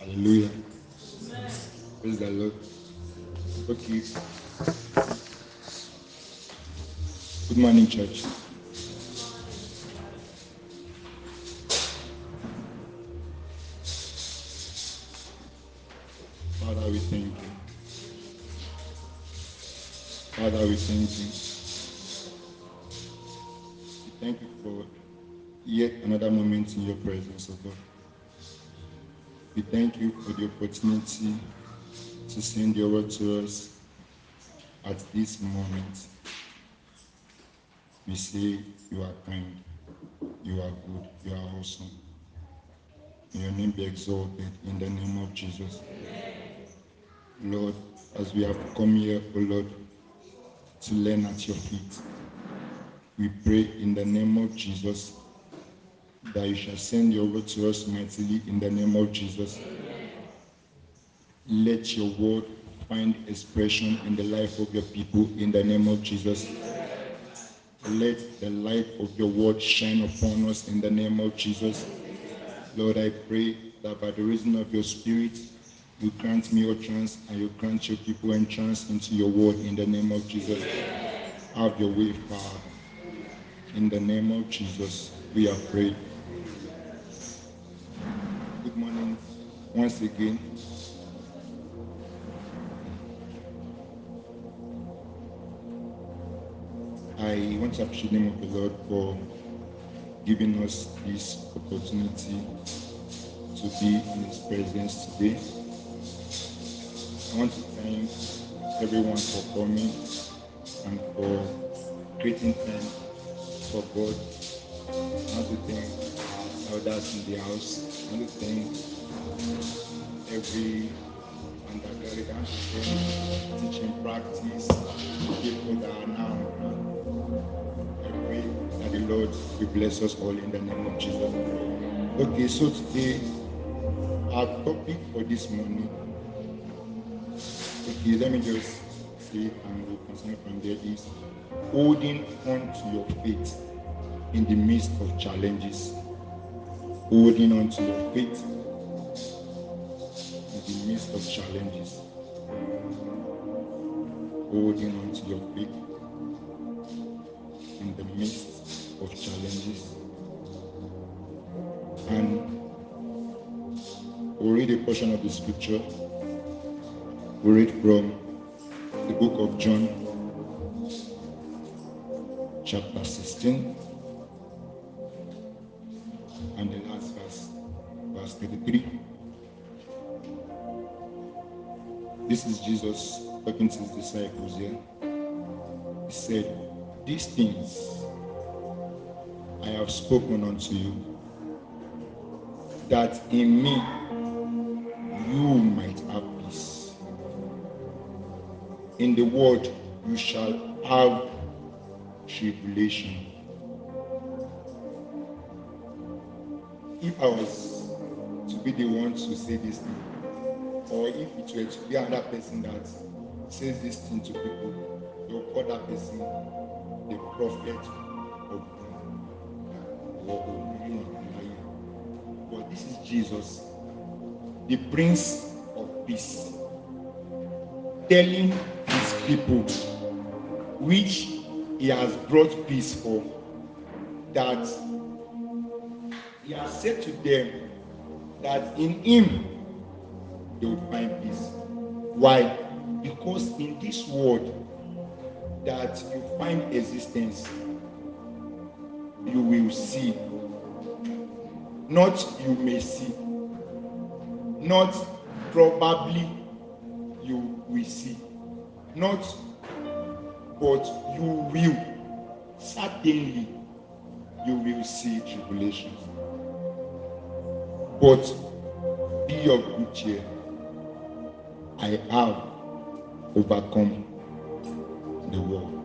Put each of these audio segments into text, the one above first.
Hallelujah. Praise the Lord. Okay. Good morning, church. Father, we thank you. Father, we thank you. We thank you for yet another moment in your presence, O oh God. We thank you for the opportunity to send your word to us at this moment. We say you are kind, you are good, you are awesome. May your name be exalted in the name of Jesus. Amen. Lord, as we have come here, O oh Lord, to learn at your feet, we pray in the name of Jesus that you shall send your word to us mightily in the name of Jesus. Let your word find expression in the life of your people in the name of Jesus. Let the light of your word shine upon us in the name of Jesus. Lord, I pray that by the reason of your spirit, you grant me your chance and you grant your people entrance into your word in the name of Jesus. Have your way, Father. In the name of Jesus, we are prayed. once again. I want to appreciate the name of the Lord for giving us this opportunity to be in His presence today. I want to thank everyone for coming and for creating time for God. I want to thank our elders in the house. I want to thank every undergraduate student, teaching practice, people that are now I pray that the Lord will bless us all in the name of Jesus. Okay, so today our topic for this morning. Okay, let me just say and we'll continue from there is holding on to your faith in the midst of challenges. Holding on to your faith midst of challenges, holding on to your faith in the midst of challenges, and we'll read a portion of the scripture. We read from the book of John, chapter 16. Jesus talking to his disciples here. He said, These things I have spoken unto you, that in me you might have peace. In the world you shall have tribulation. If I was to be the one to say this thing, or if it were to be another person that says this thing to people, they'll call that person the prophet of God But this is Jesus, the Prince of Peace, telling his people, which he has brought peace for, that he has said to them that in him they would find peace. Why? Because in this world that you find existence, you will see. Not you may see. Not probably you will see. Not but you will. Certainly you will see tribulations. But be of good cheer. I have overcome the world.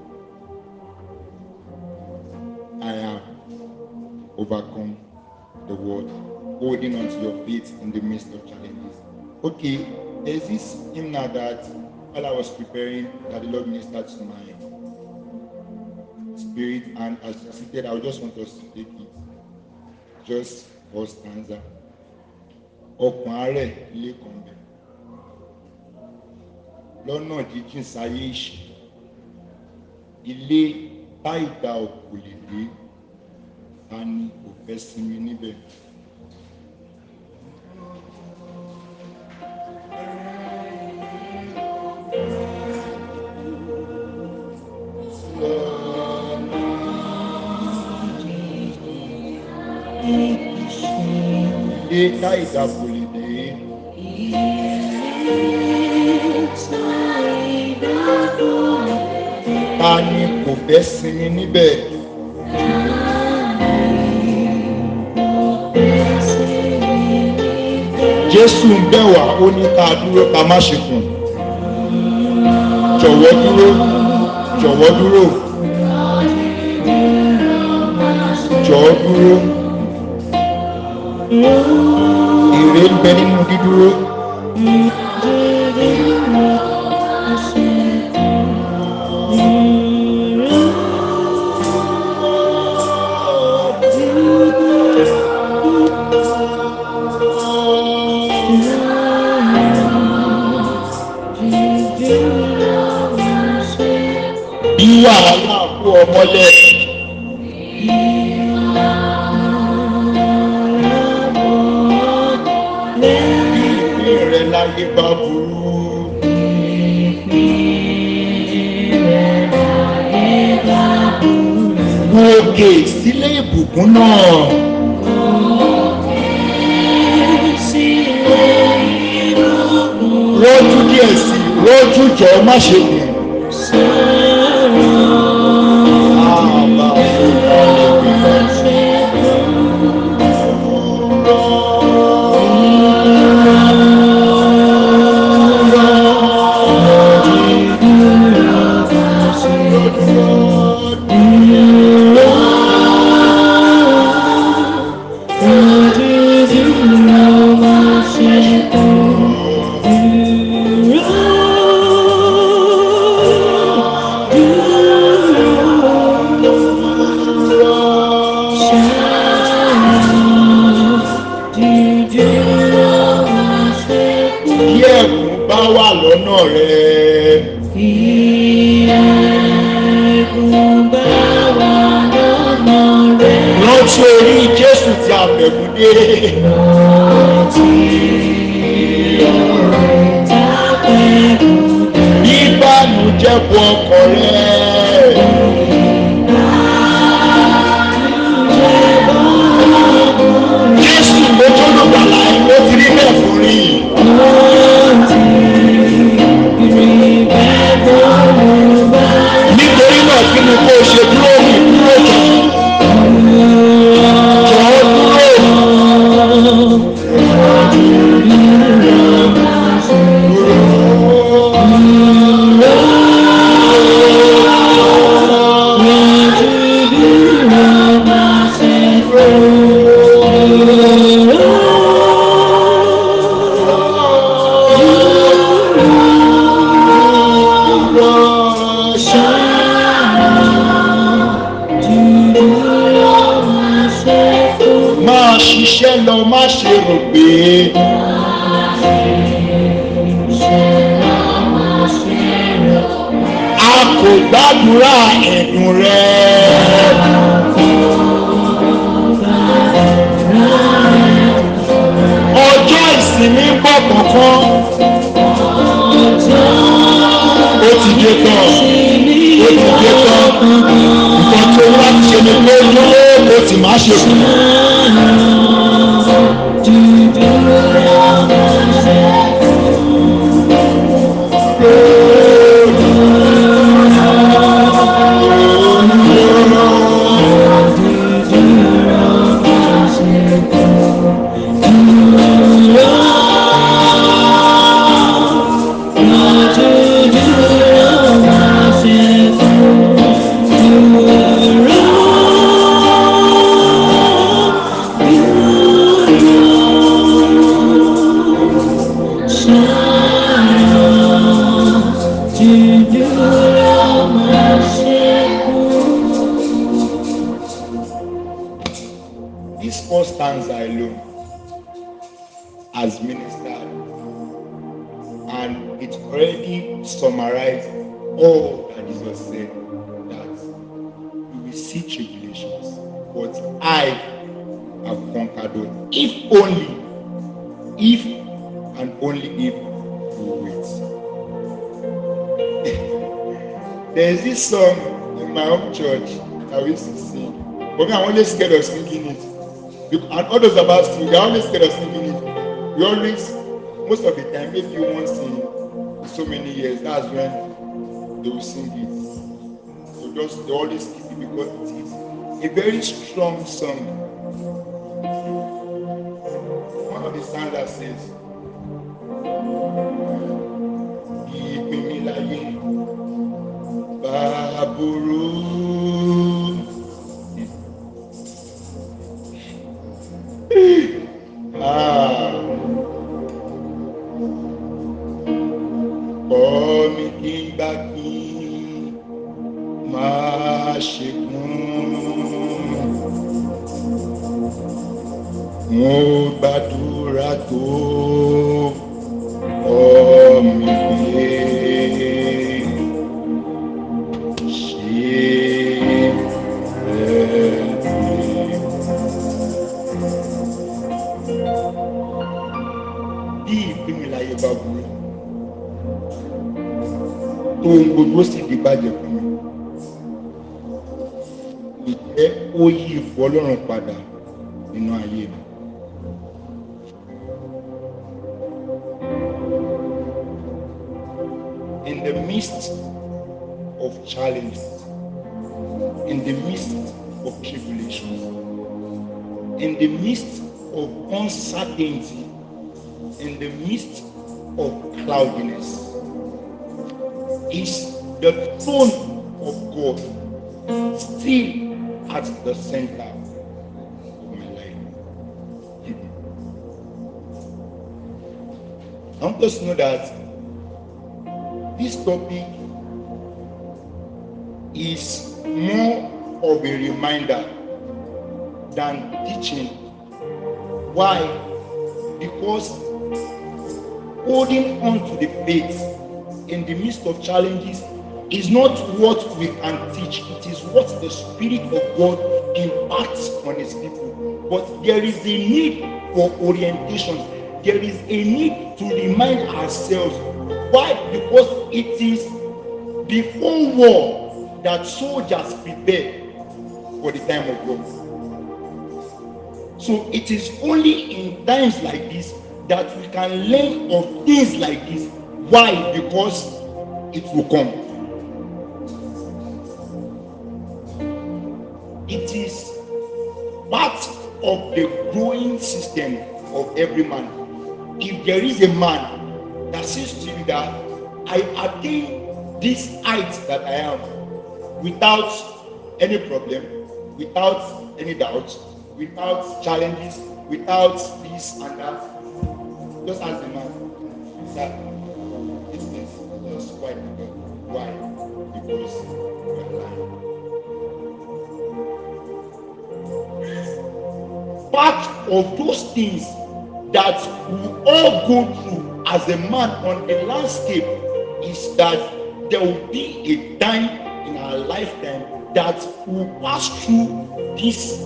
I have overcome the world, holding on to your feet in the midst of challenges. Okay, there's this hymn now that while I was preparing, that the Lord ministered to my spirit, and as I seated, I just want us to take it. Just for stanza. Ọkàn àárẹ̀ lè lọ́nà jíjìn sáyé ìṣe ilé bá ìgbà òkú lè dé ta ni kò fẹ́ sinmi níbẹ̀. Ilé ká ìdàpọ̀ fẹ́ sinmi níbẹ̀. Jésù ń bẹ̀ wá ó ní ká dúró ká má ṣe kùn jọ̀wọ́ dúró jọ̀wọ́ dúró jọ̀wọ́ dúró èrè ń bẹ nínú dídúró. nípa burú. Gòkè sílé ìbùkún náà. Rójú díẹ̀ sí i, rójú jọ̀ọ́ má ṣe yẹn. mo pè é. a kò gbàdúrà ẹ̀dùn rẹ̀. ọjọ́ ìsinmi pọ̀ kọ̀ọ̀kan ó ti dé tán ó ti dé tán nǹkan tó ti ṣe ni pé yóò ó ti má ṣe kú. always scared of sneaking it. And others those of us too, are always scared of sneaking it. We always, most of the time, if you want to, in so many years, that's when they will sing it. So just they always keep it because it is a very strong song. One of the songs that says, Ìpínlẹ̀ ayé, bàbá burú. midst of challenges, in the midst of tribulations, in the midst of uncertainty, in the midst of cloudiness, is the throne of God still at the center of hmm. I want us to know that this topic is more of a reminder than teaching. Why? Because holding on to the faith in the midst of challenges is not what we can teach, it is what the Spirit of God imparts on His people. But there is a need for orientation, there is a need to remind ourselves Why? Because it is the whole war that soldiers prepare for the time of war. So it is only in times like this that we can learn of things like this. Why? Because it will come. It is part of the growing system of every man. If there is a man that I attain this height that I am without any problem, without any doubts, without challenges, without this and that. Just ask the man, sir, this is just quite Why? Because you are lying. Part of those things that we all go through as a man on the landscape is that there will be a time in our lifetime that will pass through this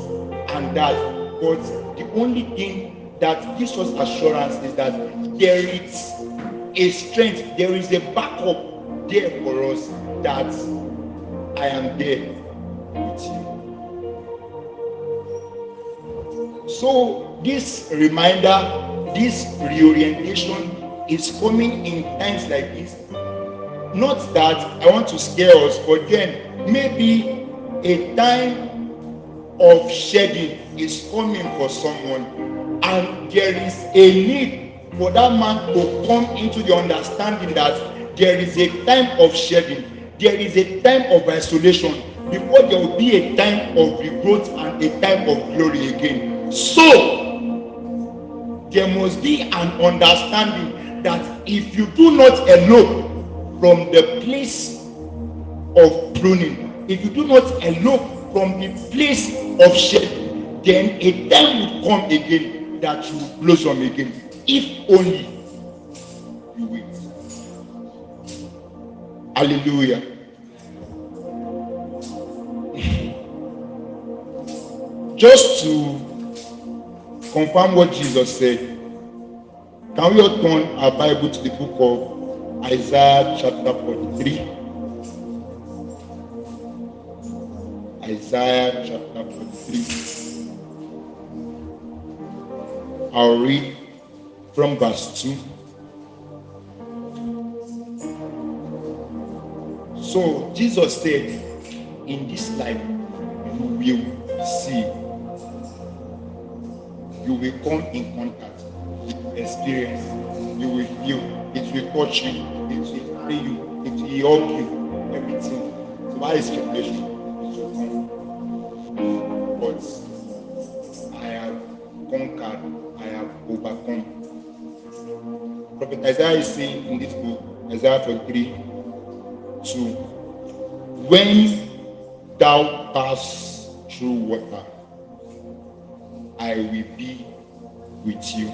and that. But the only thing that gives us assurance is that there is a strength, there is a backup there for us that I am there with you. So, this reminder, this reorientation is coming in times like this. Not that I want to scare us, but then maybe a time of shedding is coming for someone, and there is a need for that man to come into the understanding that there is a time of shedding, there is a time of isolation before there will be a time of regrowth and a time of glory again. So, there must be an understanding that if you do not elope from the place of pruning, if you do not elope from the place of shade, then a time will come again that you will blossom again. If only you wait. Hallelujah. Just to confirm what Jesus said. Can we all turn our Bible to the book of Isaiah chapter 43? Isaiah chapter 43. I'll read from verse 2. So Jesus said, In this life you will see, you will come in contact experience. You will feel it will touch you, it will carry you, it will help you, everything. So why is tribulation? But I have conquered, I have overcome. Prophet Isaiah is saying in this book, Isaiah 43, 2, when thou pass through water, I will be with you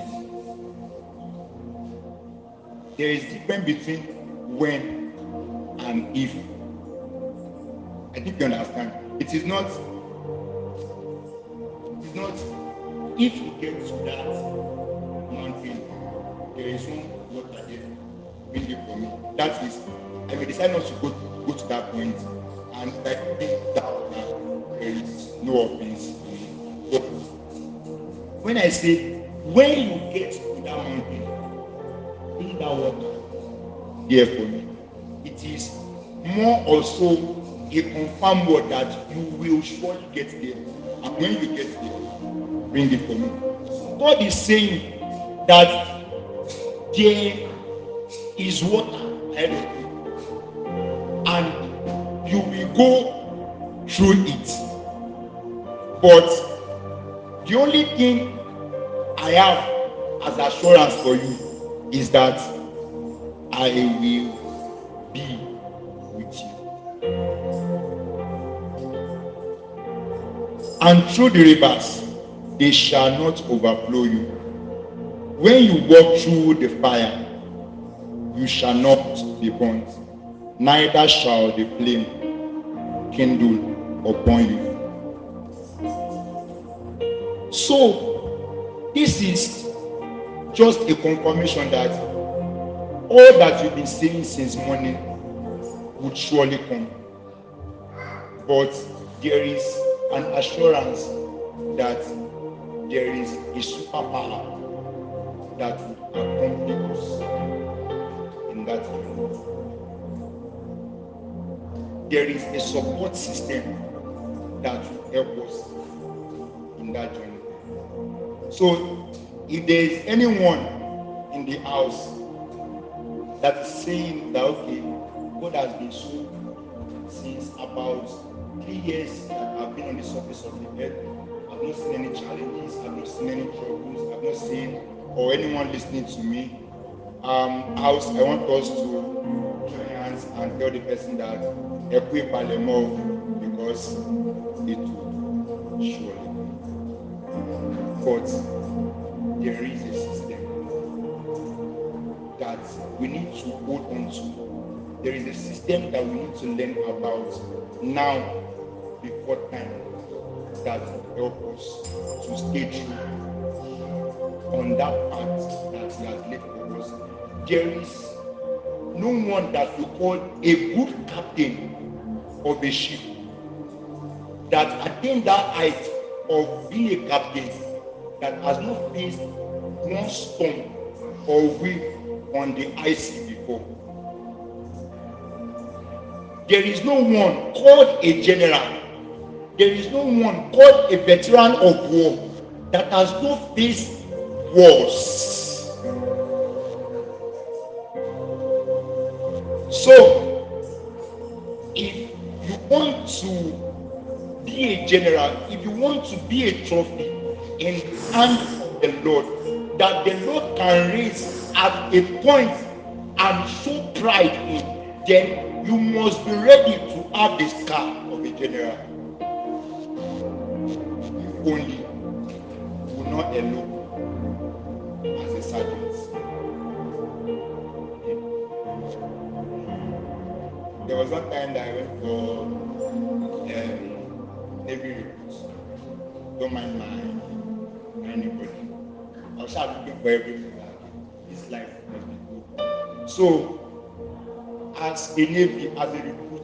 there is difference between when and if. I think you understand. It is not. It is not. If you get to that mountain, there is one water there waiting for me. That is, I may decide not to go go to that point, and I think that there is no offense. But when I say when you get to that mountain. in that word. Therefore, it is more also a confirmed word that you will surely get there. And when you get there, bring it for me. God is saying that there is water ahead of you, and you will go through it. But the only thing I have as assurance for you is that I will be with you. And through the rivers, they shall not overflow you. When you walk through the fire, you shall not be burnt, neither shall the flame kindle upon you. So, this is just a confirmation that all that you've been saying since morning would surely come. But there is an assurance that there is a superpower that will accompany us in that moment. There is a support system that will help us in that journey. So if there is anyone in the house that is saying that okay god has been so good since about three years that i've been on the surface of the earth i've not seen any challenges i've not seen any troubles i've not seen or anyone listening to me um house i want us to join hands and tell the person that equip balemo because it will surely. But there is a system that we need to hold on to. There is a system that we need to learn about now before time that help us to stay true on that path that He has left for us. There is no one that we call a good captain of a ship that attained that height of being a captain that has not faced one storm or wind on the icy before. There is no one called a general. There is no one called a veteran of war that has not faced wars. So, if you want to be a general, if you want to be a trophy, in hands of the Lord that the Lord can raise at a point and show pride in, then you must be ready to have the scar of a general. You only will not alone as a sergeant. There was one time that I went for um, Navy recruits. Don't mind my anybody. I'm sure I'm looking for everything. This life must be good. So, as a Navy, as a recruit,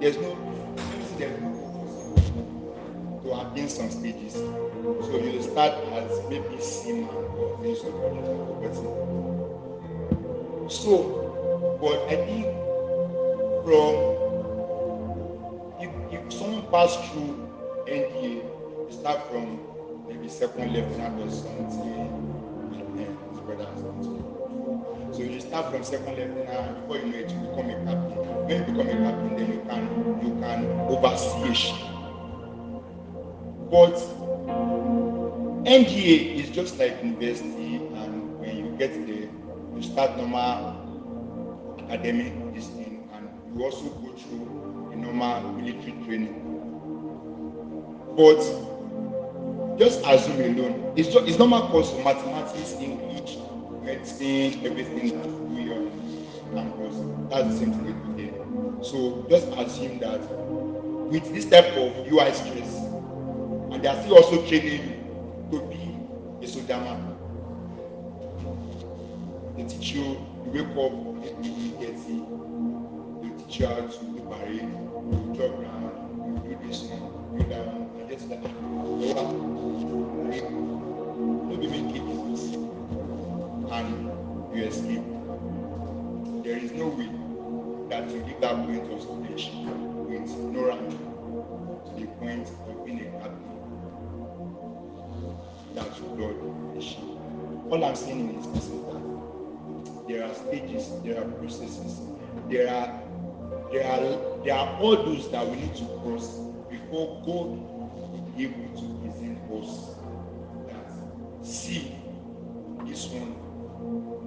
there's no, there's no to have been some stages. So you start as maybe seaman or things like that. So, but I think from if, if someone passed through NDA, start from the second level now does something and then his brother has done something. So you start from second level now before you know it, you become a captain. When you become a captain, then you can you can oversee a ship. But NGA is just like university, and when you get there, you start normal academic this thing, and you also go through a normal military training. But just assume alone. It's just it's normal course of mathematics, English, medicine, everything that's we are and That's the same thing we do So just assume that with this type of UI stress, and they are still also training you to be a soldier man. They teach you, you wake up, you get it. They teach you how to do parade, you jog around, you do this you do that and just like that. No be make it and you escape. There is no way that you leave that point of stage with no rank to the point of being a captain that you God All I'm saying is this is that there are stages, there are processes, there are there are there are all those that we need to cross before God gives you. able to was that see this one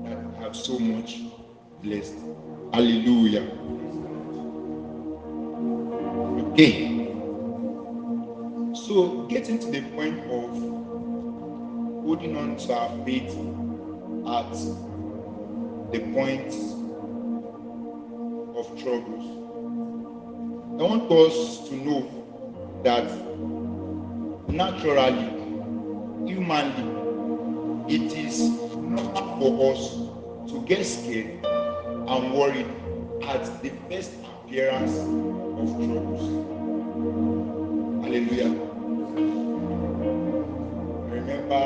that have so much blessed. Hallelujah. Okay. So getting to the point of holding on to our faith at the point of troubles. I want us to know that naturally, humanly, it is not for us to get scared and worried at the first appearance of troubles. Hallelujah. remember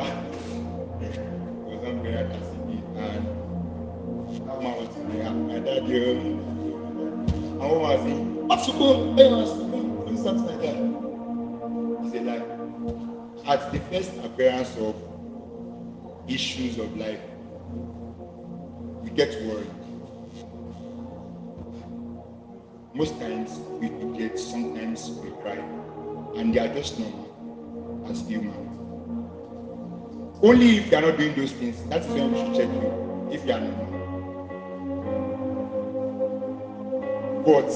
was on prayer at CB and that man was in there. My dad here. And what was he? What's the goal? Hey, what's the goal? Something like that. He said like at the first appearance of issues of life, we get worried. Most times we forget, sometimes we cry, and they are just normal as humans. Only if you are not doing those things, that's when we should check you, if you are normal. But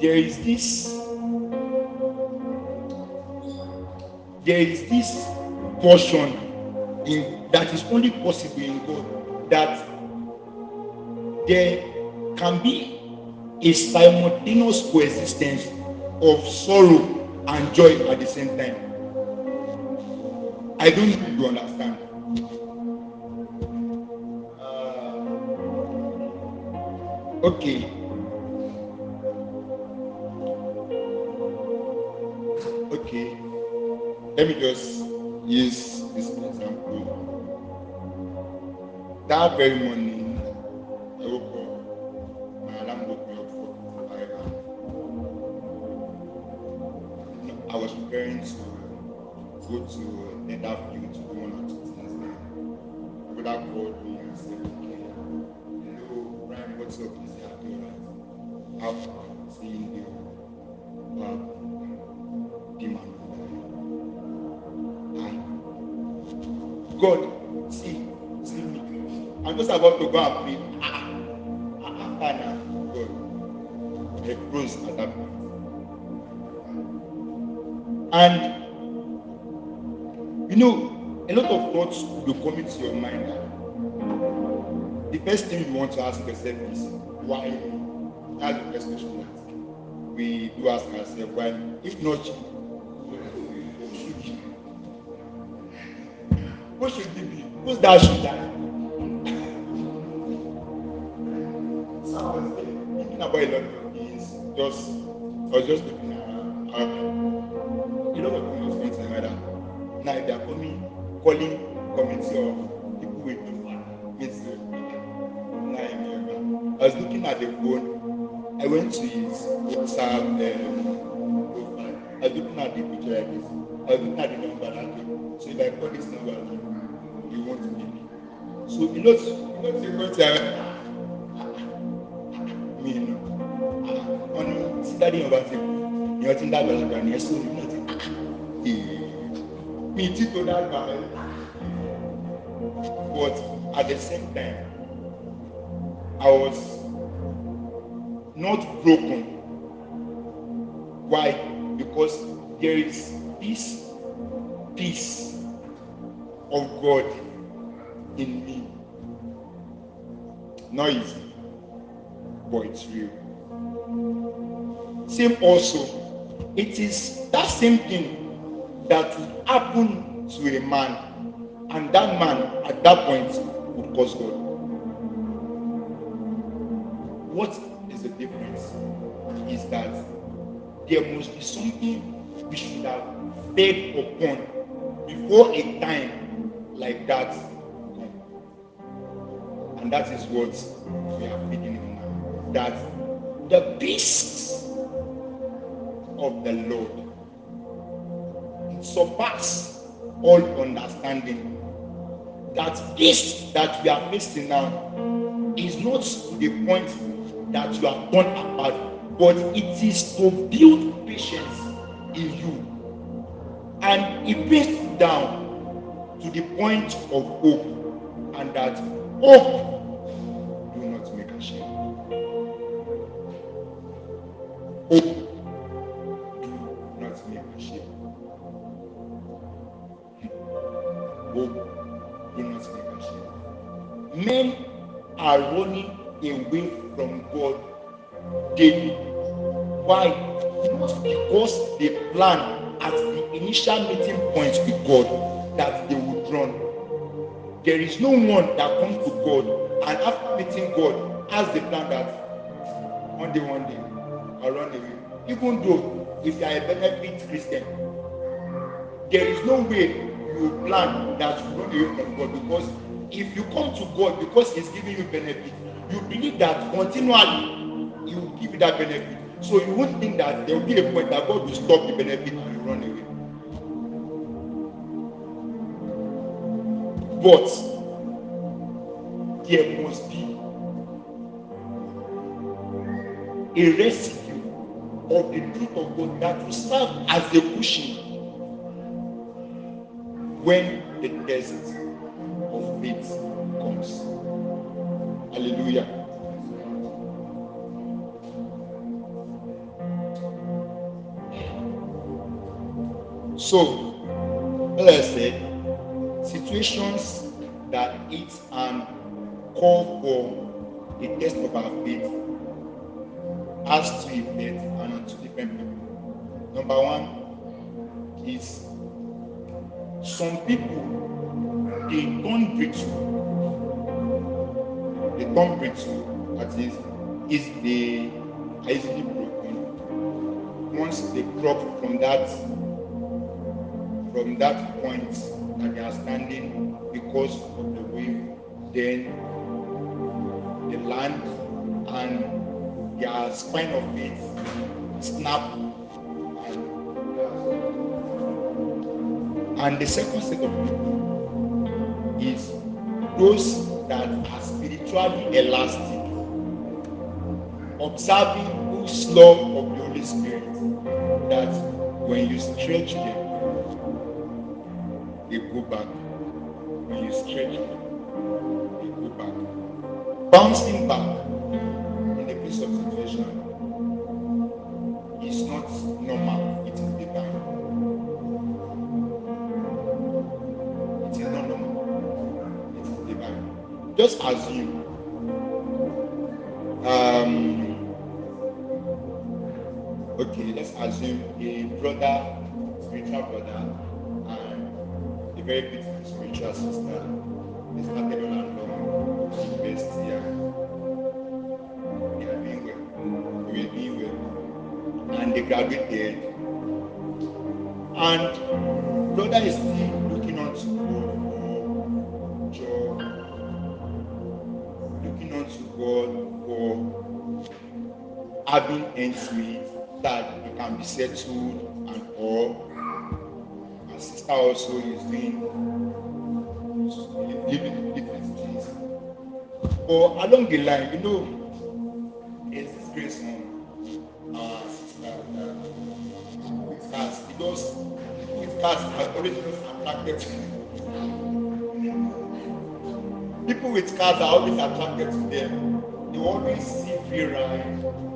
there is this there is this portion in that is only possible in God that there can be a simultaneous coexistence of sorrow and joy at the same time. I don't think you understand. Uh, okay. Let me just use this example. That very morning, I woke up. My alarm woke me up for five hours. I was preparing to go to the about to go and pray. Ah, ah, ah, ah, God. I froze at that point. And you know, a lot of thoughts will come into your mind. Ah. The first thing you want to ask yourself is, why That's the first question that we do ask ourselves, why If not, what should we be? Who's that should die? thinking about a lot of things, just I was just looking around. You know what things went like that. Now they are coming, calling committee of people with means now America. I was looking at the phone. I went to his WhatsApp um, I was looking at the picture like this. I was looking at the number that came. So if I call this number, you won't be. So you know, you know, dádì yẹn bá ti kú ìyẹn ti ń dàgbà lágbà ní ẹsùn òní náà ti mi ti tó dàgbà ẹ but at the same time I was not broken why because there is peace peace of God in me not easy but it's real same also. It is that same thing that would happen to a man, and that man at that point would cause God. What is the difference? Is that there must be something we should have fed upon before a time like that and that is what we are feeding on now. That the beasts of the Lord surpass all understanding. That this that we are missing now is not the point that you are born about, but it is to build patience in you. And it brings down to the point of hope, and that hope men are running away from God daily. Why? because they plan at the initial meeting point with God that they would run. There is no one that comes to God and after meeting God has the plan that one day, one day, I'll run away. Even though if you are a benefit Christian, there is no way you plan that you run away from God because if you come to God because He's giving you benefit, you believe that continually He will give you that benefit. So you won't think that there will be a point that God will stop the benefit and you run away. But there must be a residue of the truth of God that will serve as a cushion when the desert of faith comes. Hallelujah. So, as I said, situations that eat and call for the test of our faith has to be met and to depend. different Number one is some people a convict, a convict that is easily, easily broken once they drop from that from that point that they are standing because of the wave, then the land and their spine of it snap and the second set of people is those that are spiritually elastic, observing whose love of the Holy Spirit that when you stretch them, they go back. When you stretch them, they go back. Bouncing back in a piece of situation just as you. Um, okay, let's assume a brother, spiritual brother, and a very beautiful spiritual sister is started on and long invest here. They are doing well. They will be well. And they graduated. And having ends meet that you can be settled and all. My sister also is doing living different things. But along the line, you know, it's this grace on uh, with cast because with cast has always been attracted to people with cars are always attracted to them. They always see free ride.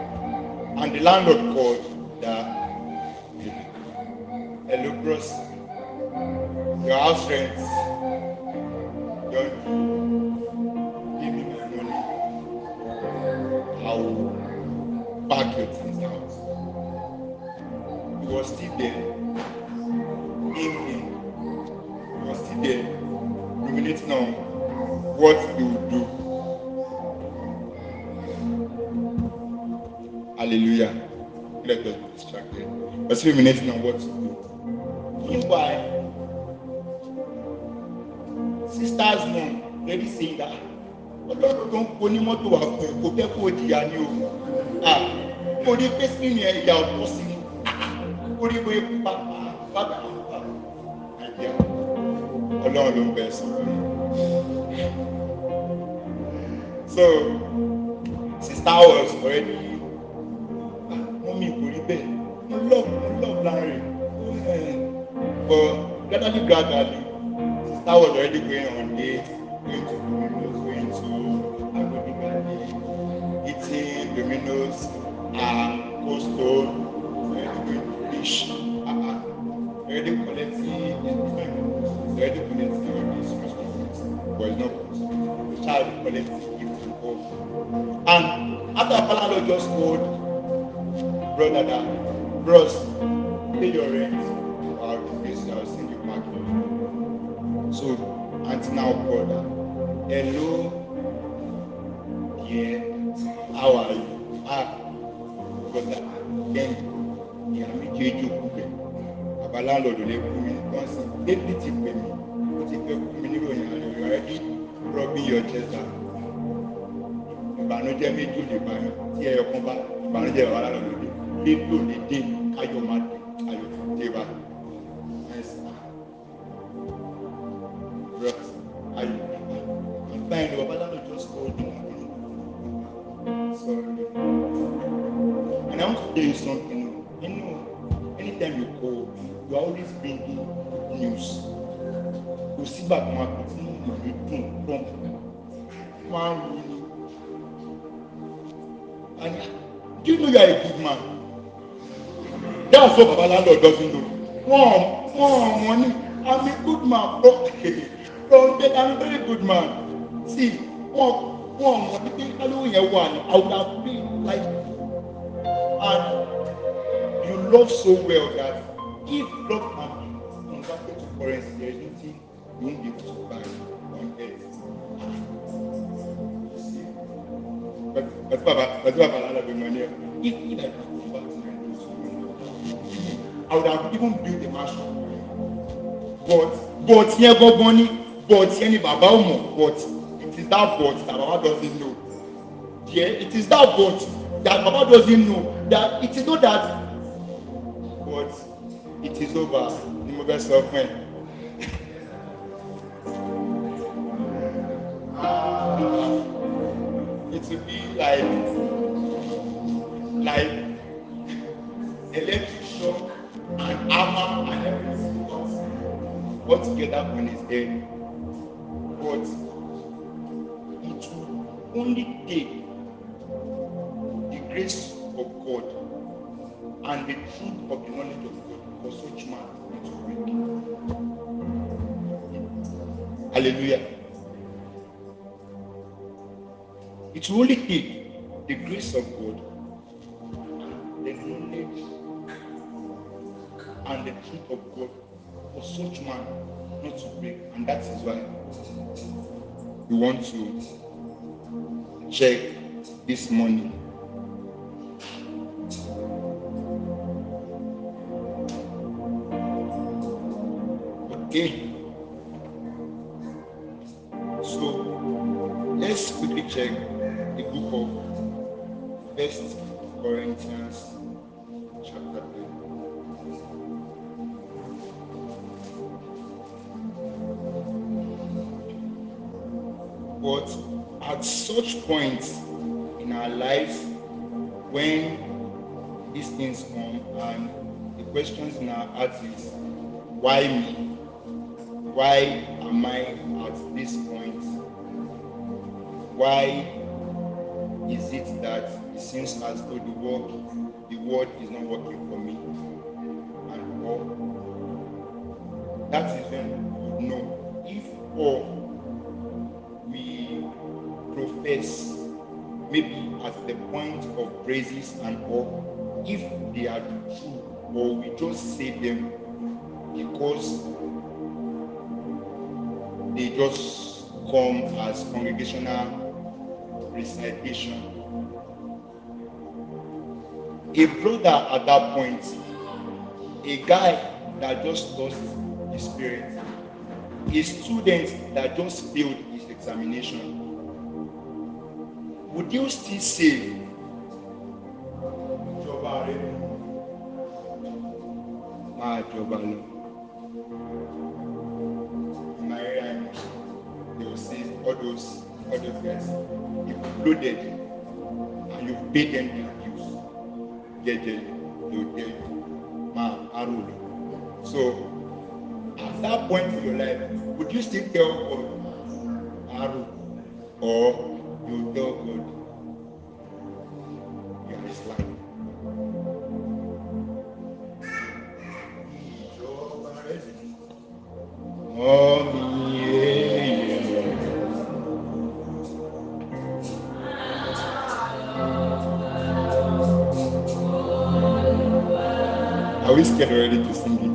And the landlord called the a leprosy. Your house rent. Your give me my money. I will pack your things out. You were still there. Evening. You were still there. Ruminating on what you do. Hallelujah. Let us be distracted. Let's ruminate on what to do. Meanwhile, sisters men, lady that? ọlọ́run tó ń po ní mọ́tò àpò kò fẹ́ kó jìyà ní o. Ah, mo rí pé sí ni ẹ̀yà ọ̀pọ̀ sí ni ó rí pé bàbá bàbá àìyá ọlọ́run ló ń bẹ̀ sí i. So, sister was already love love Larry but gradually gradually sister was already going on dates going to Domino's going to Agodi Garden eating Domino's and uh, Cold Stone already going to fish uh, already collecting already collecting all these responsibilities but it's not possible the child collecting gift from home and after Falana just told brother that bros pay your rent i will face you send you back your money so aunty now brother hello yeah how are you ah brother then ìyá mi kí ojú kú bẹ bàbá láńlọ́ọ̀dù lè kú mi wọ́n sì délé ti pè mí ó ti fẹ́ kú mi níròyìn àlè rẹ̀ rẹ́ bí rọ́bì yọ̀ jẹ́ta ìbànújẹ́ méjì lè bá yàn tí ẹ̀yọ̀ kan bá ìbànújẹ́ bàbá láńlọ́ọ̀dù lè lélò lédè káyọ̀ máa dùn káyọ̀ fún débà mẹ́sàn-án rẹ̀ ayọ̀ nígbà nígbà just hold to sorry and i want to tell you something you know anytime you call you are always bringing good news kò sígbà kan máa kò tí mo lè dùn pọ́n máa ni and you know you are a good man that's what baba landlord doesn't do wọn wọn wọn ni i'm a good man bro from there i'm a very good man see wọn wọn wọn ni pé kálíwò yẹn wà ní i would have been like and you love so well that if love and converted to currency there is nothing you won't be able to buy on earth. pẹ̀lú bàbá pẹ̀lú bàbá alábẹ̀mọ̀ ni ẹ̀ if if i. I would have even built a mansion. But but here go money, but yẹn ni bàbá but it is that but that Baba doesn't know. Yeah, it is that but that Baba doesn't know that it is not that but it is over the mo fẹ́ sọ It will be like like electric shock and armor and everything what what together on his head but it will only take the grace of God and the truth of the knowledge of God for such man to break hallelujah it will only take the grace of God and the truth of God for such man not to break. And that is why we want to check this morning. Okay. So let's quickly check the book of First Corinthians at such points in our lives when these things come and the questions in our hearts is why me? Why am I at this point? Why is it that it seems as though the work the world is not working for me and all? That is when you know if or others maybe at the point of praises and all, if they are true, or we just say them because they just come as congregational recitation. A brother at that point, a guy that just lost his spirit, a student that just failed his examination, would you still save? ìjọba rẹ máa jọba lọ. in my all those all those guys you loaded and you've pay them the abuse jẹjẹrẹ they will tell you ma arrow so at that point in your life would you still tell God arrow or. I know good. You are his Oh, yeah. Are we scared already to sing it?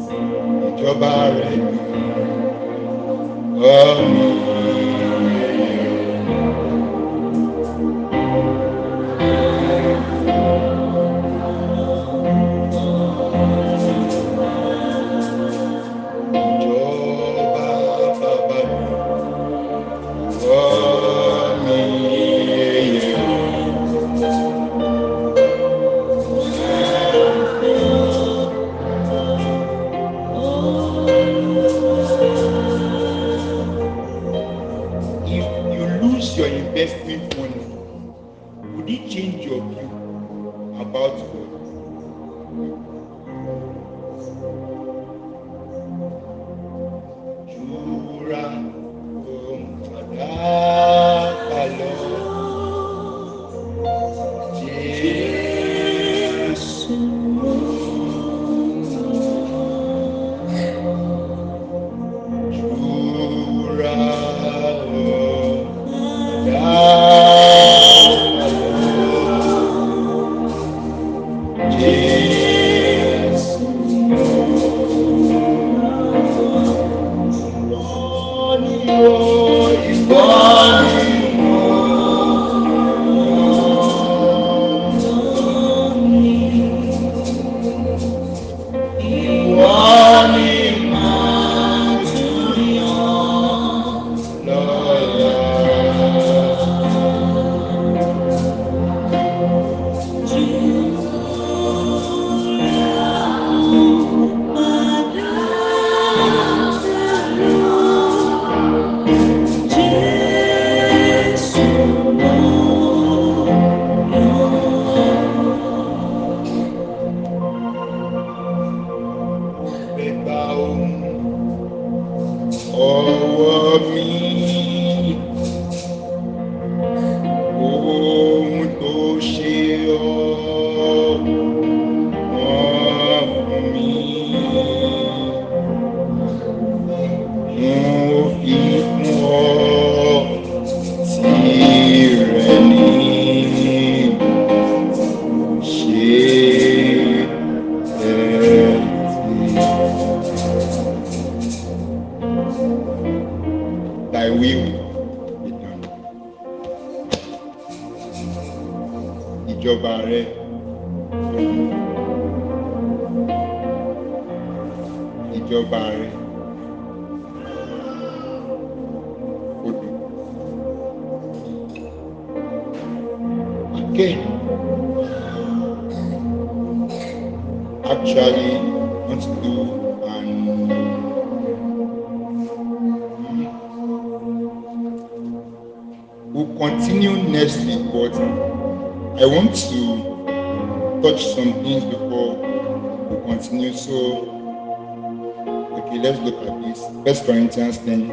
quickly, let's look at this. First Corinthians 10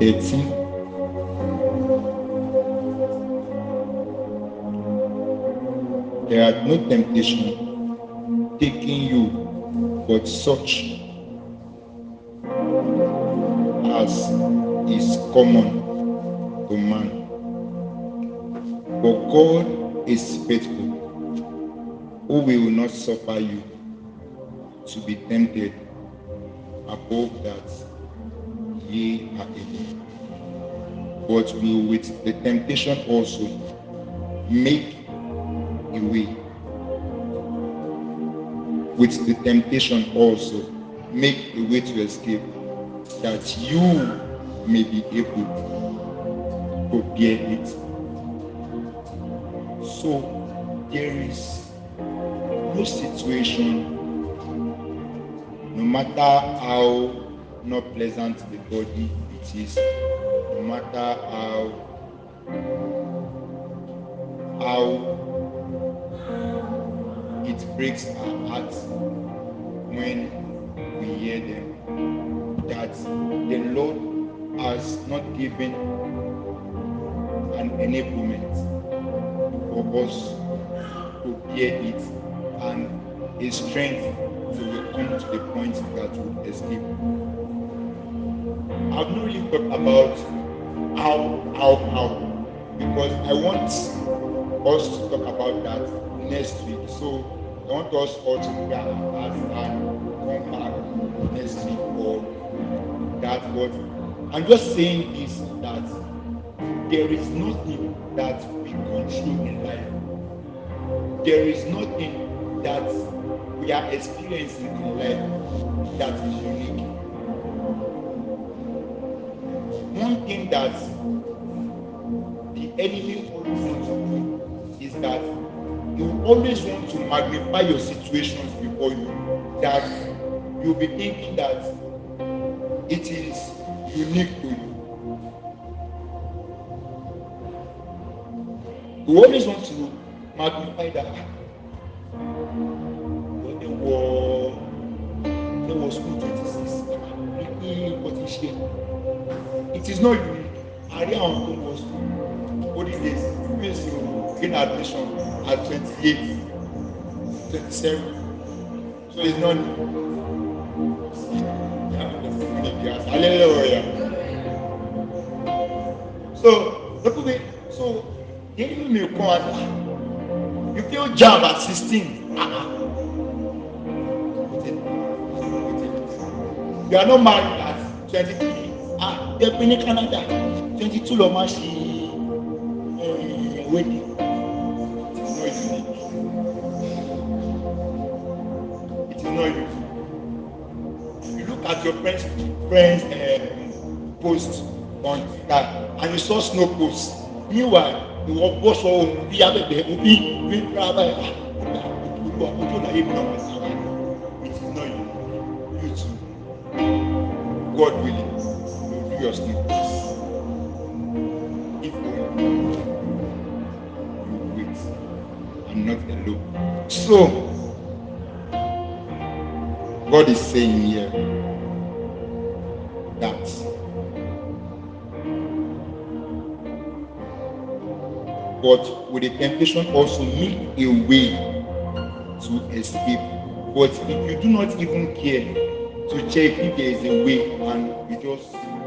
18. There are no temptation taking you, but such as is common to man. But God is faithful, who will not suffer you to be tempted above that ye are able. But will with the temptation also make a way. With the temptation also make a way to escape that you may be able to bear it. So there is no situation no matter how not pleasant the body it is, no matter how how it breaks our hearts when we hear them that the Lord has not given an enablement for us to hear it and a strength till you come to the point that you escape. I've not really talked about how, how, how, because I want us to talk about that next week. So I want us all to grab as and come back next week for that what I'm just saying this that there is nothing that we control in life. There is nothing that we are experiencing in life that is unique. One thing that the enemy always wants to do is that you always want to magnify your situations before you, that you'll be thinking that it is unique to you. You always want to magnify that wọ tó wọ school twenty six ní ipò ti ṣe it is not unique àrí àwọn tó wọ school holy days two years ago gain admission at twenty eight twenty seven so it's not so look at so they even may come and ah you feel jam at sixteen ah, ah. you are not married at twenty three ah ẹbí in canada twenty two lọ máa ṣe ìwéde no it's it is not you you look at your friends friends uh, post on that and you saw snow post meanwhile ìwọ bọ́ sọ ohun bí abẹ́bẹ́ ohun bí bí rárá God willing, you do your sleep. If not, you wait. I'm not alone. So, God is saying here that but with the temptation also make a way to escape. But if you do not even care to check if there is a way and we just cut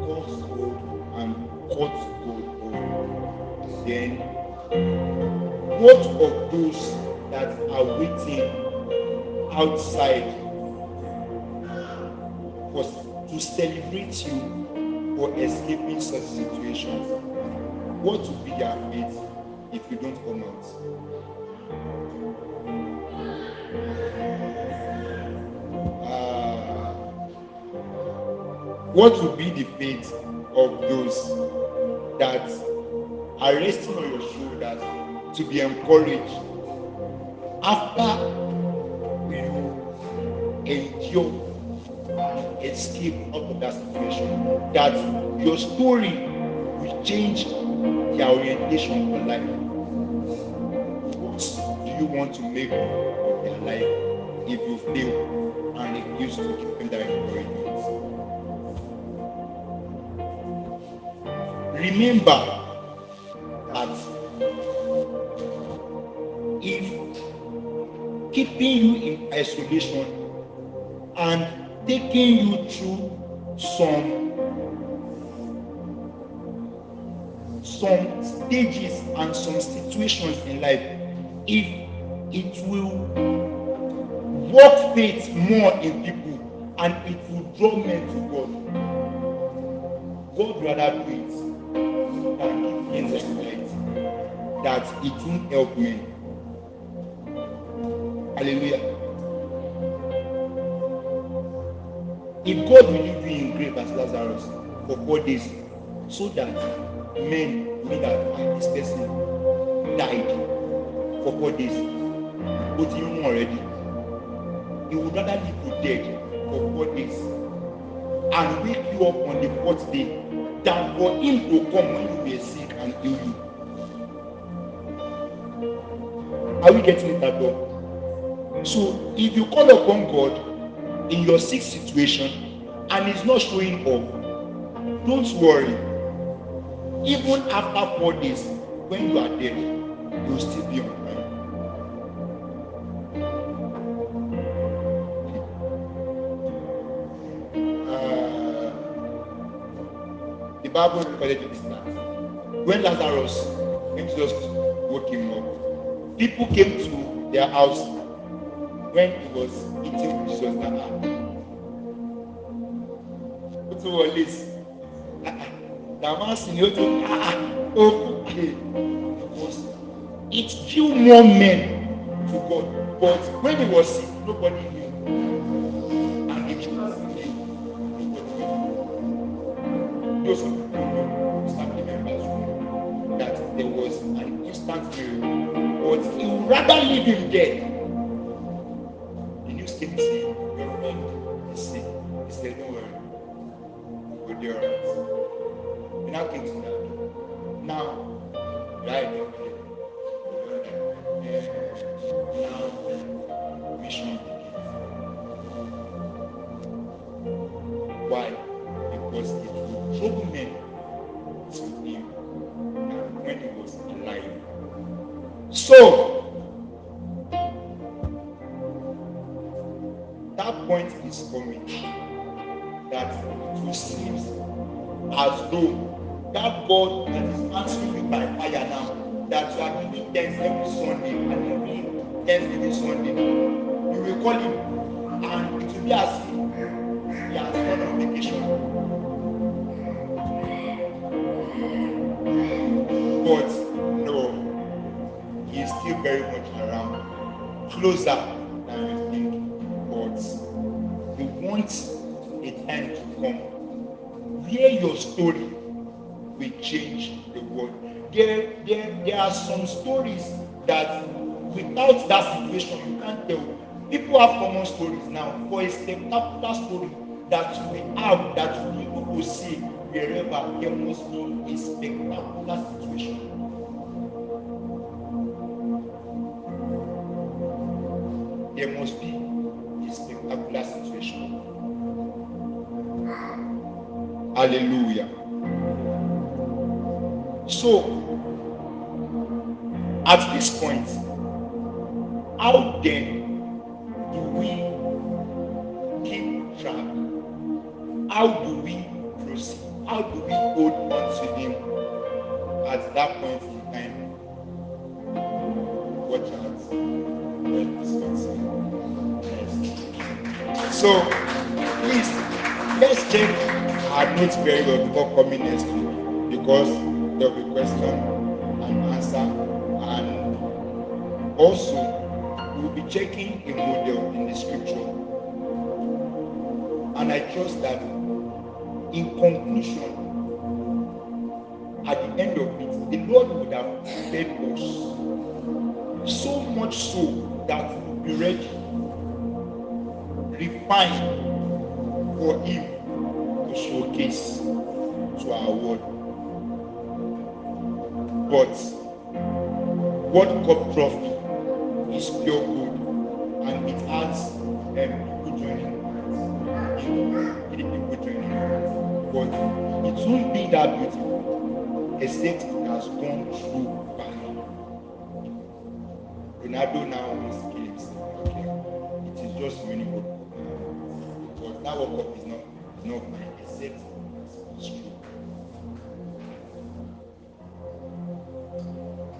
gold and cut gold off then what of those that are waiting outside for to celebrate you for escaping such situations what will be their fate if you don't come out uh, what will be the fate of those that are resting on your shoulders to be encouraged after you endure and escape out of that situation that your story will change their orientation your life what do you want to make of their life if you fail used to Remember that if keeping you in isolation and taking you through some some stages and some situations in life if it will work faith more in people and it will draw men to God. God rather do it than give men respect that it won't help men. Hallelujah. If God will leave you in grave as Lazarus for four days so that men know that this person died for four days, but you know already. He would rather leave you dead for four days and wake you up on the fourth day than for him to come when you were sick and heal you. Are we getting it at all? So if you call upon God in your sick situation and he's not showing up, don't worry. Even after four days, when you are dead, you'll still be on Bible recorded in Islam. When Lazarus, when just woke him up, people came to their house when he was eating with Jesus that hour. Ó tún wọlé sí. Dàmásì ni ó tún ah, ah, ó kú pé it killed more men to God but when he was sick nobody only did get. that point is coming that it seems as though that God that is answering you by fire now that you are giving them every Sunday and every every Sunday you will call him and it will be as if he has gone on vacation. But no, he is still very much around, closer story will change the world. There, there, there are some stories that without that situation you can't tell. People have common stories now. For a spectacular story that we have, that people will see wherever there must be a spectacular situation. There must be a spectacular situation. Hallelujah. So, at this point, how then do we keep track? How do we proceed? How do we hold on to Him at that point in time? Watch out. So, please, let's take. note very well before coming next week because there will be question and answer and also we will be checking a model in the scripture and I trust that in conclusion at the end of it the Lord would have prepared us so much so that we will be ready refined for him to showcase to our world. But what Cup trophy is pure good and it has um, people joining it Three people joining But it won't be that beautiful except it has gone through value. Ronaldo now is killing okay. It is just meaningful. But that World Cup is not, is not mine them true.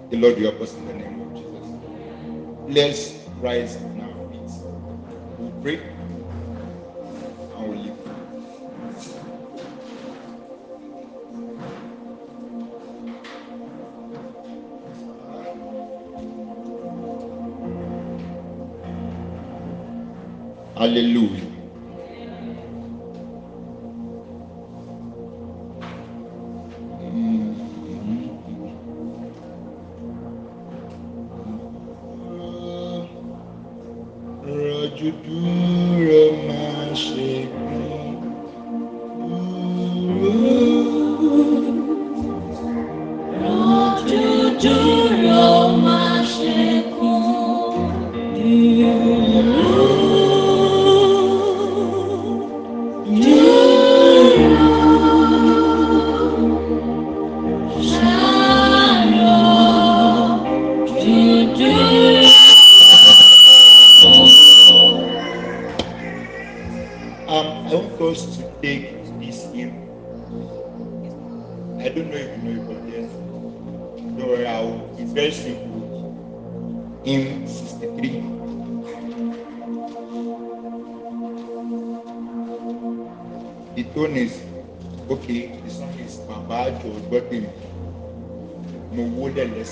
The Lord your help us in the name of Jesus. Let's rise now. We we'll pray Hallelujah.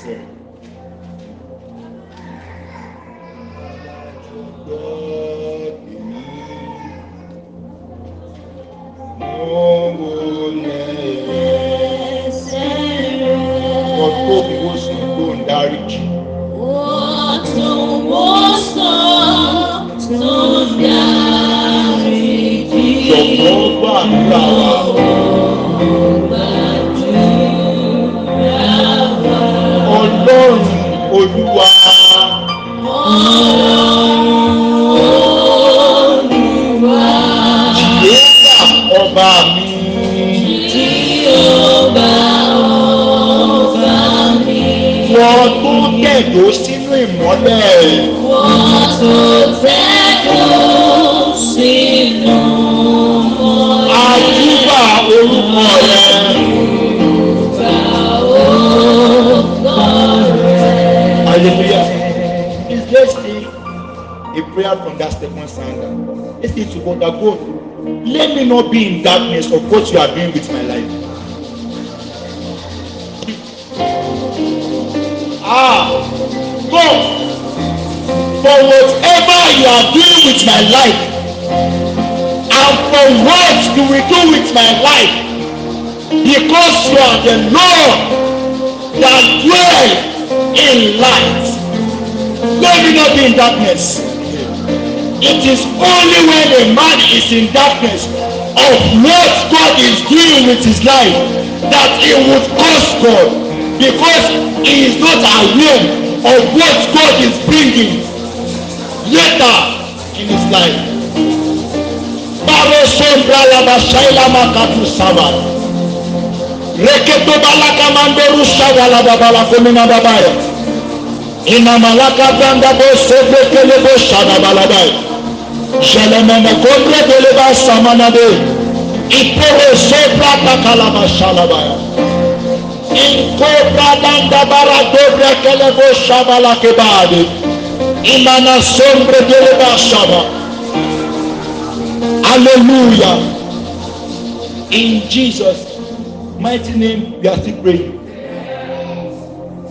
sin. darkness of what you are doing with my life. Ah, God, for whatever you are doing with my life, and for what you do with my life, because you are the Lord that dwells in light. Let me not be in darkness. It is only when a man is in darkness of what God is doing with his life that it would cost God because he is not aware of what God is bringing later in his life. Báwo ṣe ń bá Alábàṣáìlá sábà? Reketo balaka máa ń bẹ̀rù ṣáwàlá babalá fún mi bàbá yẹn. Ìnàmàlákà gbàǹdà bó ṣe gbé kélé bó ṣàdàbàlá báyìí. Jelemenekondedeleba samanade. Iporo sopra takalaba shalabaya. Inkobra dandabara dobre kelebo shabala kebade. Imana sombre deleba shaba. Hallelujah. In Jesus' mighty name, we are still praying.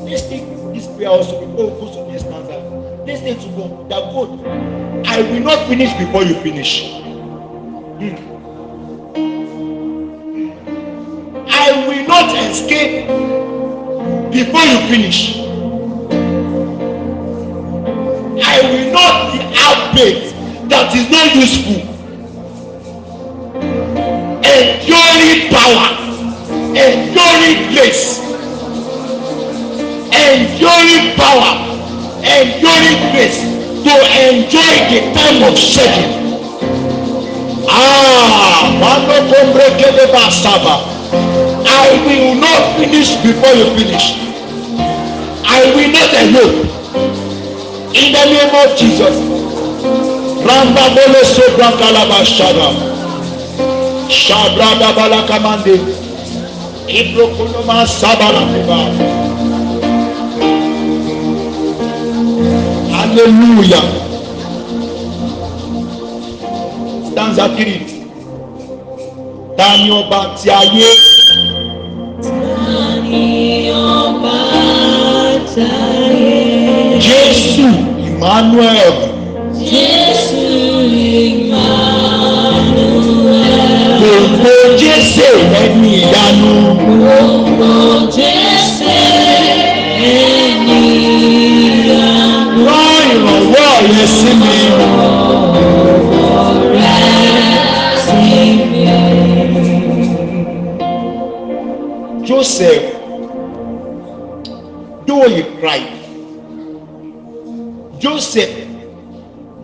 Let's take this prayer also before we go to this stanza. Let's take to God that God I will not finish before you finish. Hmm. I will not escape before you finish. I will not be outbate that is not useful. Enduring power, enduring grace, enduring power, enduring grace to enjoy the time of shedding. Ah, mano I will not finish before you finish. I will not alone. In the name of Jesus. Ramba bolo so brankalaba shada. Shabrada balakamande. Ibrokunoma sabala kuba. hallelujah stanza three ta ni ọba ti ayé. emmanuel. jésù emmanuel. gbogbo jésù rẹ ni ìyanu. Joseph, though he cried, Joseph,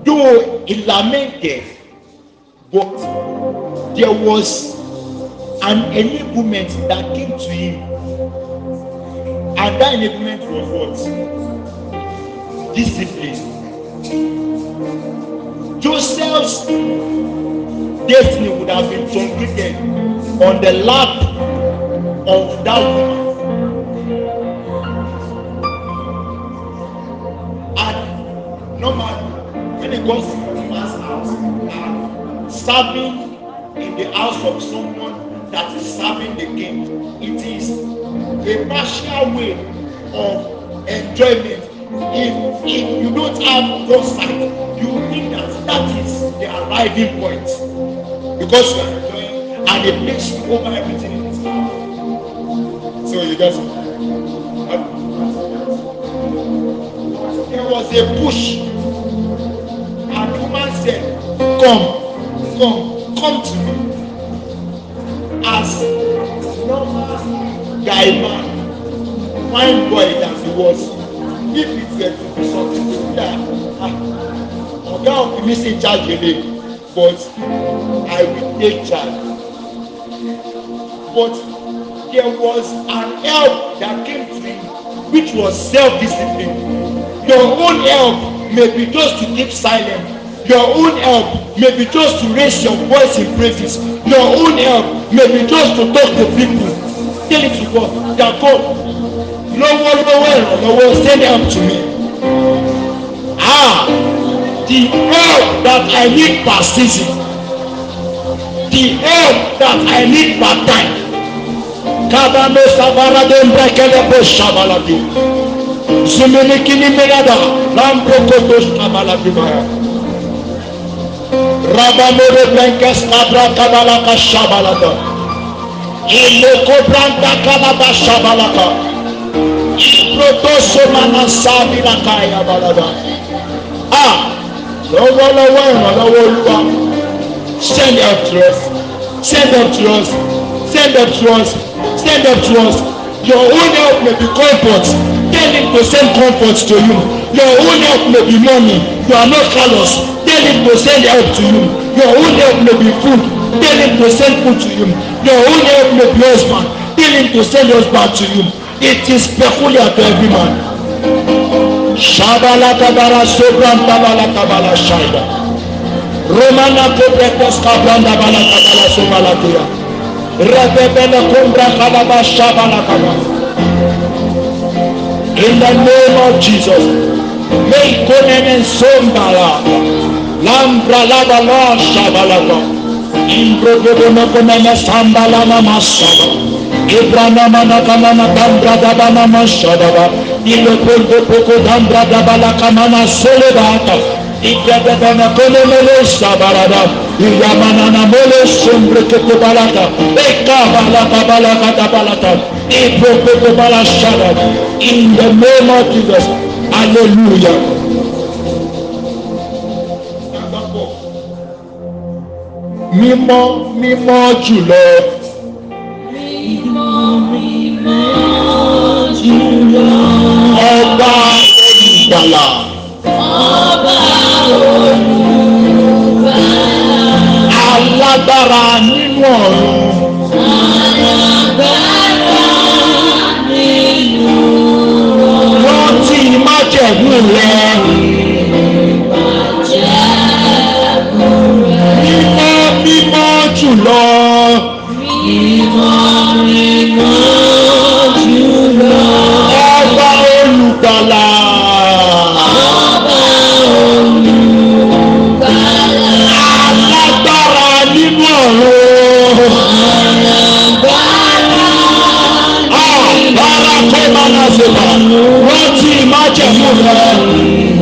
though he lamented, but there was an enablement that came to him. And that enablement was what? Discipline. Joseph's destiny would have been truncated on the lap of that woman. And normally, when he goes to a man's house and serving in the house of someone that is serving the king, it is a partial way of enjoyment. If if you don't have those sight, you think that that is the arriving point because you are enjoying and it makes you over everything so you get it. It was a push. And woman said, Come, come, come to me. As normal guy man, fine boy that he was, if it were to be something that ah, ọ̀gá òfin mi ṣe charge ele but I will take charge. But there was an help that came to you which was self-discipline your own help may be just to keep silent your own help may be just to raise your voice in praises your own help may be just to talk to people tell it to God that God lọ́wọ́lọ́wọ́ ìrànlọ́wọ́ send help to me ah the help that I need per season the help that I need per time Cada nossa barra dentro aquele puxava lá de. Zimini que nem melada, lampo cotos cabala de maia. Rabamore blancas cabra cabala cachabalada. E louco branca cabala chabalada. E protosso manassabi na caia balada. Ah, lọ́wọ́lọ́wọ́ ìrànlọ́wọ́ olúwa send help to us send help to us send help to us extend help to us your own help may be comfort tell him to send comfort to you your own help may be money you are not callous tell him to send help to you your own help may be food tell him to send food to you your own help may be husband tell him to send husband to you it is peculiar to every man. Shabalakabara sobrantabalakabala shaida. Romana kopekoska brandabala kabala sobalakuya. Rebebele kumbra kalaba shabala kalaba. In the name of Jesus. May konenen sombala. Lambra laba la shabalaba. Imbrogodono konene sambala mama shabala. Ibrana mana kamana tambra dabana mashabala. Ile kondo poko tambra dabala kamana solebata. idadadana kolomele sabarada iyamanana mole sombrekekobalaka ekabalakabalakatabalata ipokokobalashada in the name of jesus hallelujah. mímọ́ mímọ́ jùlọ. mímọ́ mímọ́ jùlọ. ọba olùgbàlà. níwọ̀n Bára tó máa ń ṣe bá wọ́n ti máa jẹ̀ fún mi.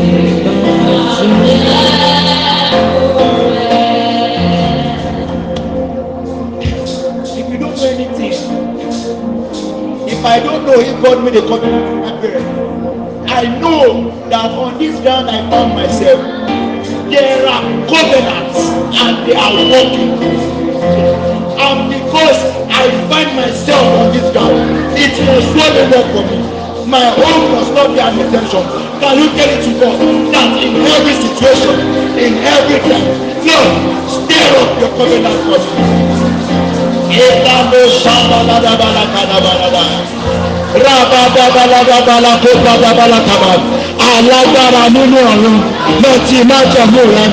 I don't know if God made a covenant with my parents. I know that on this ground I found myself. There are covenants and they are working with God. It will surely work for me. My own must not be an intention. Can you tell it to God that in every situation, in every time, Lord, stir up your covenant for me. alágbára nínú ọ̀run lọ́ọ́ ti jẹ̀mú rẹ̀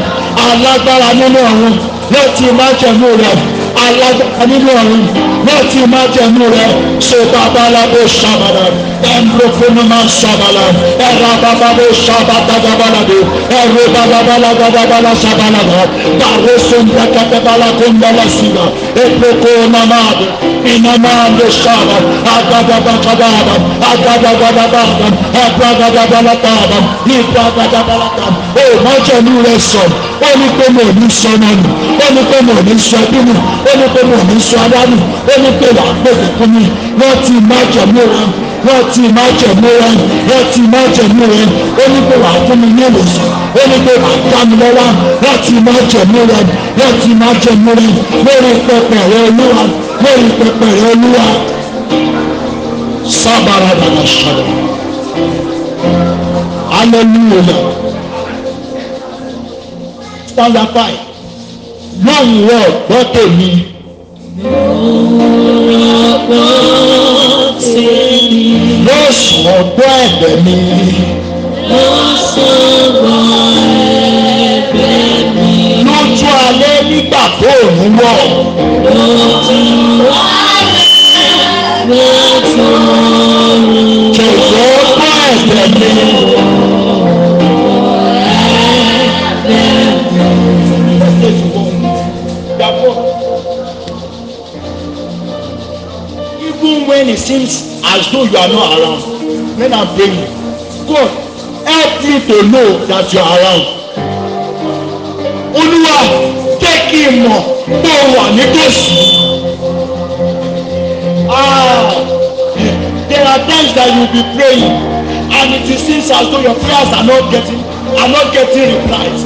alágbára nínú ọ̀run lọ́ọ́ ti jẹ̀mú rẹ̀ alágbára nínú ọ̀run láti má jẹ̀mú rẹ̀ ṣe bàbá alábò ṣàbàdà. Embrofunuma Shabala, Erabababo Shabatabalabu, Erubabala Gabala Shabalaba, Barosum Rakatabala Kumbala Siba, Eproko Namad, Inamando Shaba, Agababakababa, Agababababa, Agababababa, Ibababababa, Oh, my generation. ó ní pé mo ní sọ náà nù ó ní pé mo ní sọ ẹbí nù ó ní pé mo ní sọ adá nù ó ní pé wàá pèsè fún mi wọ́n ti má jẹ̀ mọ́ra nù wọ́n ti máa jẹ̀mú wọn wọ́n ti máa jẹ̀mú wọn ó ní pé wàá fún mi ní ìwòsàn ó ní pé wàá dá mi lọ́wọ́ wọ́n ti máa jẹ̀mú wọn wọ́n ti máa jẹ̀mú wọn lórí pẹpẹ rẹ olúwa lórí pẹpẹ rẹ olúwa sábàrà dàgbà sọ̀rọ̀ hallelujah stand up by láwùrọ̀ gbọ́ tèmi. mo rọ̀ pọ̀ sùn ọ̀dọ̀ ẹ̀bẹ̀ mi. lọ sọ̀rọ̀ ẹ̀bẹ̀ mi. lójú alẹ́ nígbà tó òun wọ̀. lójú alẹ́ lójú òun. jọ̀wọ́ ọ̀dọ̀ ẹ̀bẹ̀ mi. Even when it seems as though you are not around men are praying God help me to know that you are around olúwa jẹ́ kí n mọ̀ pé o wà nítòsí ah there are times that you be praying and it seems as though your prayers are not getting are not getting replied.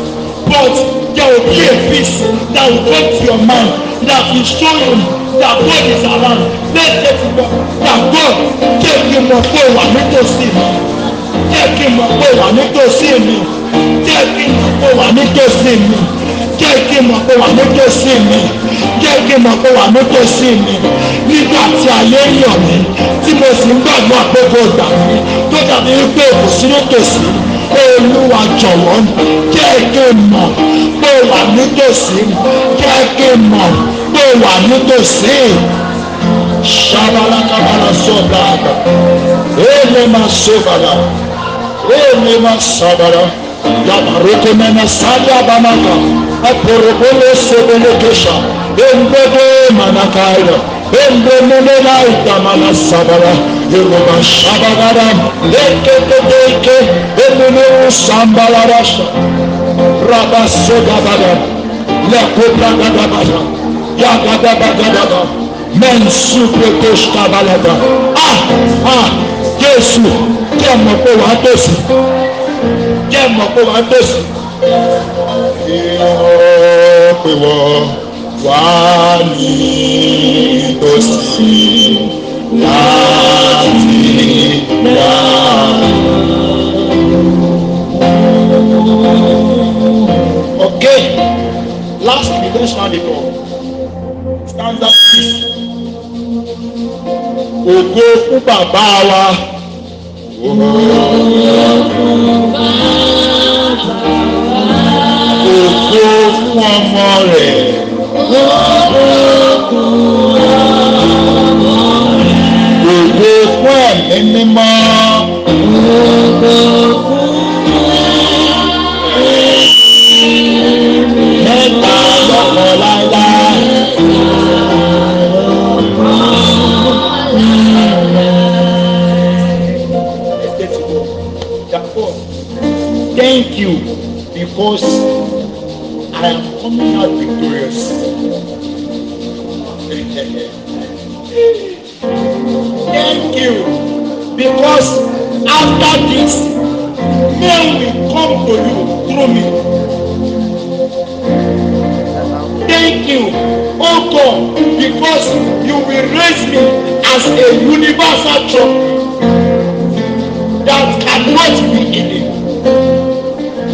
but there will be a peace that will come to your mind that will show you that God is around bẹ́ẹ̀ ṣe ti gbọ́ gbàgbọ́ kí èkì mọ̀ pé wà nítòsí mi kí èkì mọ̀ pé wà nítòsí mi kí èkì mọ̀ pé wà nítòsí mi kí èkì mọ̀ pé wà nítòsí mi kí èkì mọ̀ pé wà nítòsí mi nígbà tí ayé ń yàn mí tí mo sì ń gbàgbọ́ àgbẹ̀bọ̀ ìgbà mi tó dàbí wípé òkùnsí nítòsí olúwa jọ̀wọ́ jẹ́ kí n mọ̀ pé wà nítòsí jẹ́ kí n mọ̀ pé wà nítòsí. Şabalaka bana sobrada. Elema sobala. masabala, sabala. Yabareke mena salya banaka. Aporobolo sobele geşa. Embede manakayla. Embemele layda mana sabala. Yılma şabalara. Deke de deke. Emine usambalara. Rabasso gadara. La kobra gadabara. Ya gadabara gadabara. mẹ́nsúpẹ́tẹ́sítà balẹ̀dà a a jésù jẹ́ mọ̀ pé wàá tòsí jẹ́ mọ̀ pé wàá tòsí. kí wọ́n pè ògo fún bàbá wa. ògo fún bàbá wa. ògo fún ọmọ rẹ̀. ògo fún ọmọ rẹ̀. ògo fún ẹ̀mí mímọ́. structure that cannot be in it.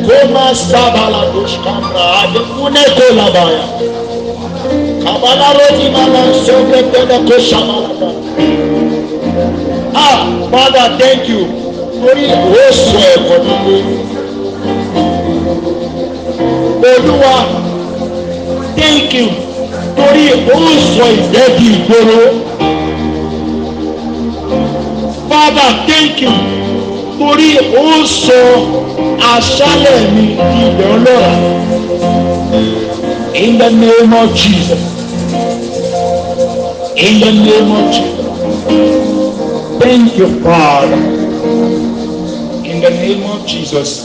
Koma sabala dushkamra adekune kolabaya. Kabala roti mala sobre tena koshamala. Ah, Father, thank you. Torí ó sọ ẹ̀kọ́ nílé. Olúwa, thank you. Torí ó sọ ìdẹ́bi ìgboro. thank you torí ó sọ aṣálẹ̀ mi di ilẹ̀ in the name of Jesus in the name of Jesus thank you Father in the name of Jesus.